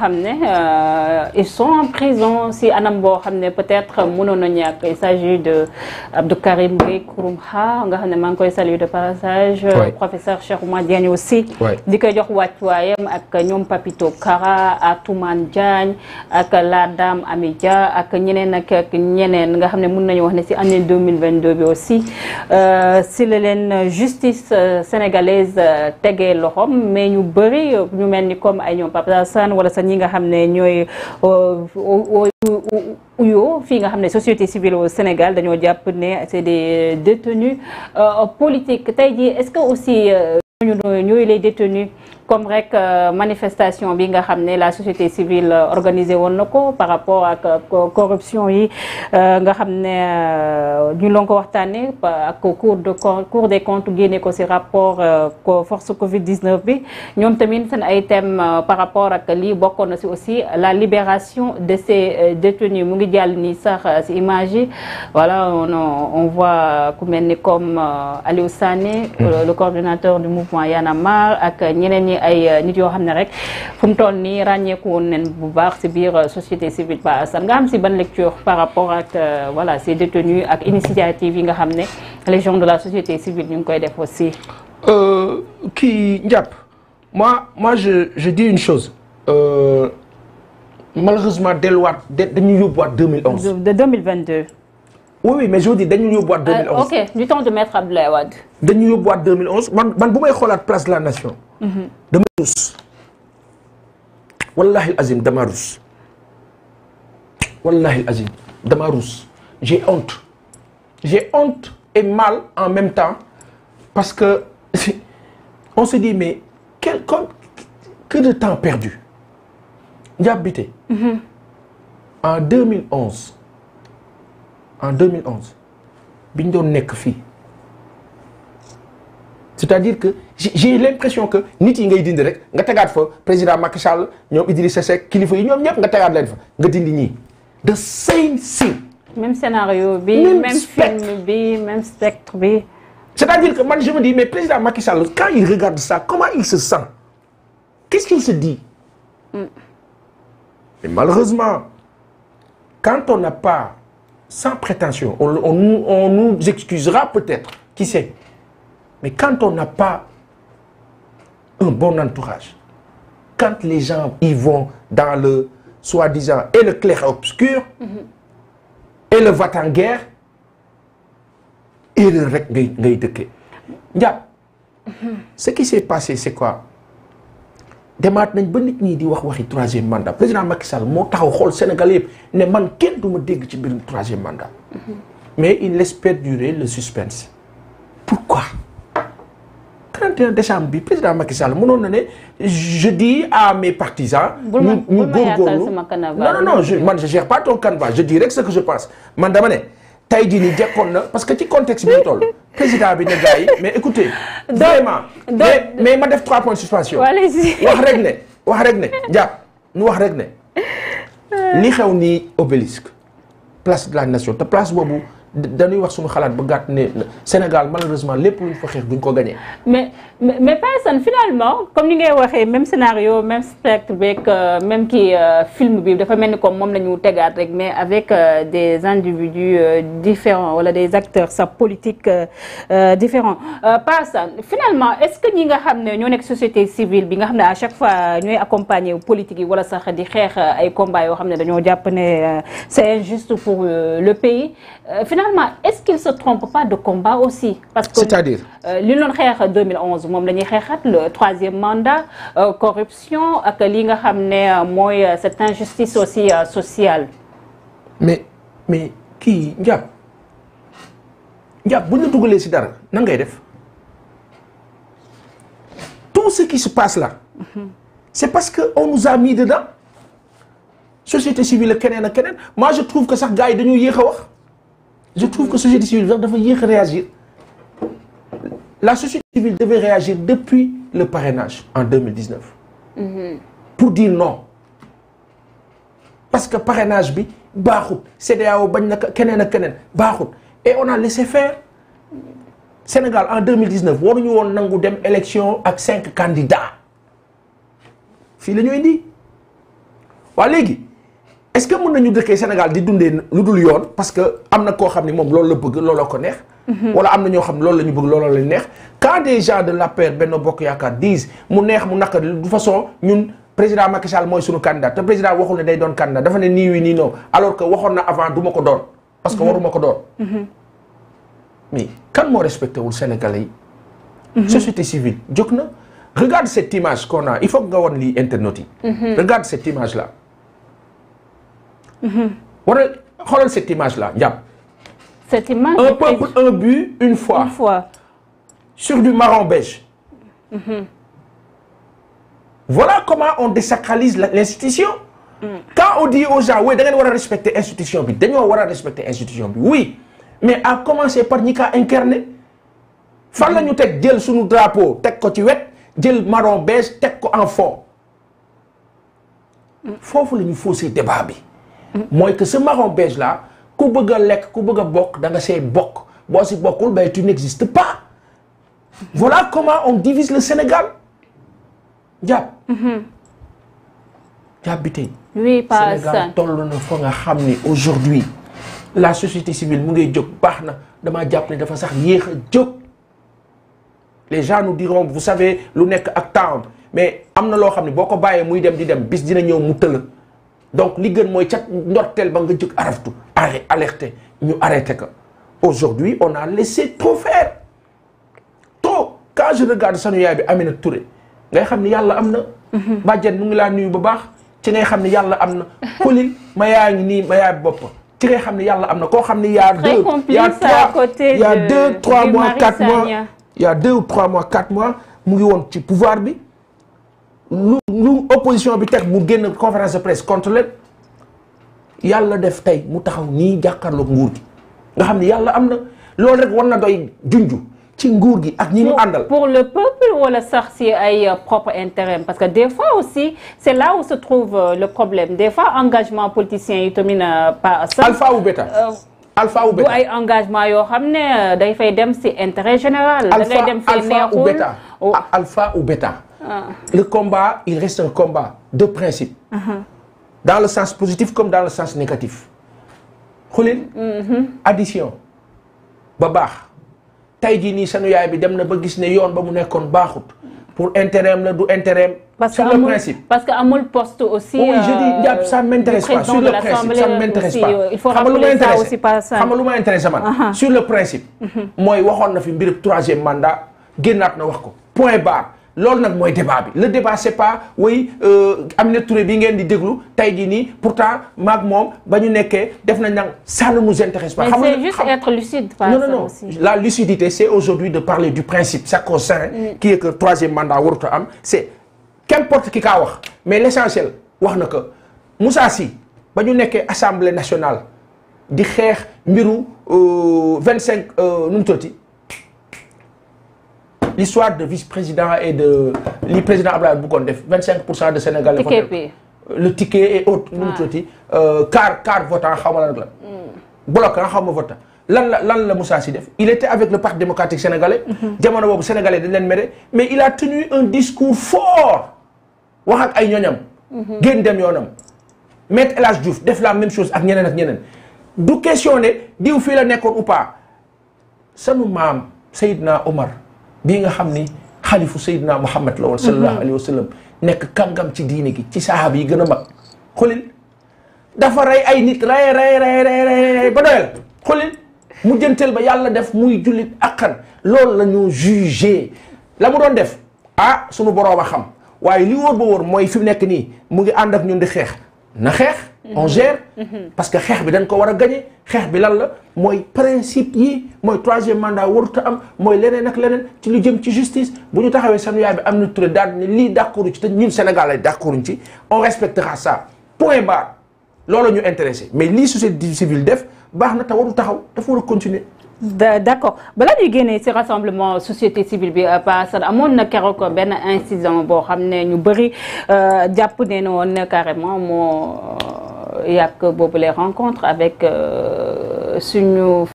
xam ne euh, ils sont en prison boo xam ne peut-être mënoon na ñàkk sa s'agit de Abdou Karim Gueye Kouroumha nga xam ne maa ngi koy saluer de passage professeur Cheikh Oumar Diagne aussi di koy jox wàccuwaayam ak ñoom Papito Kara Atoumane Diagne ak la dame Amidia ak ñeneen ak ñeneen nga xam ne mën nañu wax ne si année 2022 bi aussi euh, si la leen justice euh, sénégalaise tegee loxom mais ñu bëri ñu mel ni comme ay ñoom Papa Sane wala ñi nga xam ne ñooy euh, uyo fii nga xam ne société civile au Sénégal dañoo jàpp ne c'est des détenus euh, politiques tey jii est-ce que aussi euh, ñooñu ñooy les détenus comme rek euh, manifestation bi nga xam ne la société civile euh, organisé woon na ko par rapport ak euh, corruption yi nga xam ne ñu loon ko waxtaanee ak cour de cour des comptes génne ko si rapport force Covid 19 bi ñoom tamit seen ay thème par rapport ak lii bokkoon na ci aussi la libération de ces détenus mu ngi jàll nii sax ci image yi voilà on voit ku mel ni comme Aliou Sané hmm. le coordinateur du mouvement Y'en ak ñeneen ay euh, nit yoo xam ne rek fu mu toll nii ràññeeku woon nañ bu baax si biir euh, société civile ba san nga am si ban lecture par rapport ak euh, voilà ces détenus ak initiative yi nga xam ne les de la société civile ñu ngi koy def aussi. kii njàpp moi moi je je dis malheureusement delluwaat dañuy yóbbuwaat 2011. de 2022. oui oui mais je vous dis dañu yóbbuwaat 2011 ok du temps de maître Abdoulaye Wade. dañu yóbbuwaat 2011 man man bu may xoolaat place de la nation. dama rus wallahi azim dama rus wallahi azim dama rus j'ai honte j'ai honte et mal en même temps parce que on se dit mais quel comme que de temps perdu Ndiaye Bitèye en 2011 en 2011 biñ doon nekk fii c'est-à-dire que j'ai l'impression que nit yi ngay dindi rek nga tegaat fa président Macky Sall ñoom Idrissa Seck kilifa yi ñoom ñëpp nga tegaat leen fa nga dindi ñii the same thing. même scénario bi même, même film bi même spectre bi. c'est-à-dire que man je me dis président Macky Sall quand il regarde ça comment il se sent qu'est-ce qu'il se dit. Mm. malheureusement quand on n'a pas sans prétention on nous excusera peut-être qui sait. Mais quand on n'a pas un bon entourage, quand les gens y vont dans le soi-disant et le clair-obscur, mm -hmm. et le va-t-en-guerre, et le rek ngay dëkkee. Ndiaye. Mhm. ce qui s'est passé c'est quoi demaat nañ ba nit ñi di wax wax waxi troisième mandat président Macky Sall moo taxaw xool Sénégal yëpp ne man kenn du ma dégg ci mbirum troisième mandat. Mhm. mais il laisse perdurer le suspense. pourquoi. 31 décembre bi président Macky Sall mënoon na ne je dis à mes partisans. ñu ñu góorgóorlu non non je man je gère pas ton canevas je dis ce que je pense man dama ne. tey jii nii jekkoon na parce que ci contexte bi ñu toll président bi ne gars mais écoutez. vraiment mais ma def trois points de suspension. wax rek ne wax rek nu wax rek ne. ni euh. xew nii obélisque place de la nation te place boobu. dañuy wax suñu xalaat bu gàtt ne Sénégal malheureusement lépp lu ñu fa xeex duñ ko gagné. mais mais finalement comme ni ngay waxee même scénario même spectre beeg euh, même kii euh, film bi dafa mel ni comme moom lañu ñu tegaat rek mais avec euh, des individus différents wala des acteurs sa politique différents personne finalement est-ce que ñi nga xam ne ñoo nekk société civile bi nga xam ne à chaque fois ñooy accompagner politique yi wala sax di xeex ay combats yoo xam ne dañoo jàpp finalement est-ce qu'il se trompe pas de combat aussi. parce que c'est-à-dire euh, li ñu doon xeex 2011 moom la ñuy xeexaat le troisième mandat euh, corruption ak li nga xam ne euh, mooy cette injustice aussi sociale. mais mais kii Ndiaye Ndiaye buñ la dugalee si dara nan ngay def tout ce qui se passe là. Mhm. c'est parce que on nous a mis dedans société civile keneen ak keneen moi je trouve que sax gars yi dañoo yéex a wax. je trouve que société civile dafa yéex a réagir la société civile devait réagir depuis le parrainage en 2019 mm -hmm. pour dire non parce que parrainage bi baaxut aw bañ na keneen ak keneen baaxut et on a laissé faire Sénégal en 2019 waruñu woon nangu dem élection ak cinq candidats fii la ñu indi waa léegi est-ce que mën nañu dëkkee Sénégal di dundee lu dul yoon parce que am na koo xam ne moom loolu la bëgg looloo ko neex. Mhm. wala am na ñoo xam ne loolu la ñu bëgg looloo la neex. quand des gens de l'APR Benno Bokk Yaakaar mu neex mu naka de façon ñun président Macky Sall mooy suñu candidat te président waxul ne day doon candidat dafa ne nii wii nii non alors que waxoon na avant du ko doon. parce que mhm. waruma ko doon. Mhm. mais kan moo respecté wul yi. na. regarde cette image qu'on a il faut nga won lii internet yi. Mm-hmm. waral xoolal cette image là njàpp. cette image un peuple un but une foi. une foi. sur du marron beige. Mm-hmm. voilà comment on désacralise l'institution. Mm. quand on dit aux gens oui da ngeen war a respecter institution bi dañoo war a respecter institution bi oui mais à commencer par ñi kaa incarné fan la ñu teg jël suñu drapeau teg ko ci wet jël marron beige teg ko en fond. Mm. foofu la ñu faussé débat bi. mooy que ce marron la là ku bëgg lekk ku bëgg a bokk danga nga see bokk boo si bokkul bay tu n'existe pas voilà comment on divise le Sénégal jàpp jàpp mm-hmm. bi tey oui pas Sénégal toll na fa nga xam ni aujourd'hui la société civile mu ngi jóg baax na dama jàpp ne dafa sax yéex a jóg les gens nous diront vous savez lu nekk ak temps mais am na loo xam ne boo ko bàyyee muy dem di dem bis dina ñëw mu tëla donc li gën mooy ca ndorteel ba nga jóg araftu arrêté alerté ñu arrêté ko aujourd'hui on a laissé trop faire trop quand je regarde sanu yaay bi amee na Touré ngay xam ni yàlla am na mhm. bàjjen mu ngi laa nuyu ba baax ci ngay xam ni yàlla am na polil ma yaa ngi nii ma yaay bopp ci ngay xam ni yàlla am na koo xam ni y'a deux y'a trois y'a deux trois mois quatre mois y'a deux ou mois quatre mois mu ngi woon ci pouvoir bi lu lu opposition bi teg mu génn conférence de presse contre leen yàlla def tey mu taxaw nii jàkkaarloog nguur gi nga xam ne yàlla am na loolu rek war na doy junju ci nguur gi ak ni mu àndal. pour le peuple wala sax si ay euh, propre intérêt parce que des fois aussi c' est là où se trouve euh, le problème des fois engagement politicien yi tamit euh, pas. alpha ou alfa alpha ou bêta du engagement yoo xam ne day fay dem si intérêt général. da ngay ah, ou bêta Ah. le combat il reste un combat de principe. Uh-huh. dans le sens positif comme dans le sens négatif. xulil. Mm-hmm. addition ba baax. tey jii nii sanu yaay bi dem na ba gis ne yoon ba mu nekkoon baaxut. pour intérêt am la du intérêt am. sur le principe parce que amul poste aussi. oui je dis jàpp euh, ça m'intéresse pas sur le principe euh, aussi par euh, ça xam nga lu uh-huh. sur le principe. Mm-hmm. mooy waxoon na fi mbirub troisième mandat génnaat na wax ko point barre. loolu nag mooy débat bi le débat c'est pas oui euh, Aminata Touré bi ngeen di déglu tey jii nii pourtant maak moom ba ñu nekkee def nañ nag ça ne nous intéresse pas. xam nga c'est juste être lucide. par non non la lucidité c'est aujourd'hui de parler du principe sacro-saint. Mm. qui est que troisième mandat warut a am c'est qu'importe ki kaa wax mais l'essentiel wax na ko Moussa Sy ba ñu nekkee assemblée nationale di xeex mbiru euh, vingt cinq euh, nu mu l'histoire de vice-président et de li président Abdoulaye bëggoon def 25 pour cent de Sénégalais. ticket bi le ticket et autres. waaw nu mu ah. tuddati quart euh, quart votant xaw ma lan la. Hmm. bloquant ah, xaw ma votant lan la lan la Moussa si def il était avec le parti démocratique sénégalais. Mhm. jamono boobu sénégalais dañ leen mere mais il a tenu un discours fort wax ak ay ñoñam. Mhm. génn dem yoonam. Maître El Hadj Diouf def la même chose ak ñeneen ak ñeneen du question diw fii la nekkoon ou pas sanu maam Seydina Omar. bii nga xam ni xalifu Seydina Muhammad la woon mhm. sallallahu alayhi wa sallam nekk kàngam ci diine gi ci sahaaba yi gën a mag xulil dafa rey ay nit rey rey rey rey rey ba doyal xulil mu jënteel ba yàlla def muy jullit akkan loolu la ñu jugé la mu doon def ah sunu boroom a xam waaye li wóor ba wóor mooy fi mu nekk nii mu ngi ànd ak ñun di xeex na xeex on parce que xeex bi dañ ko war a gañe xeex bi lan la mooy principe yi mooy troisième mandat warut am mooy leneen ak leneen ci lu jëm ci justice bu ñu taxawee sanu yaay bi am na turé daal ne lii d'accord ci te ñun Sénégal ay d'accord ci on respectera ça point barre loolu ñu intéressé mais lii société civile def baax na te waru taxaw dafa war continuer d'accord balaa ñuy génnee ci rassemblement société civile bi euh, Pa Assane amoon na keroog benn incident boo xam ne ñu bëri euh, jàpp ne woon carrément moo euh, yàq boobu les rencontres avec suñu.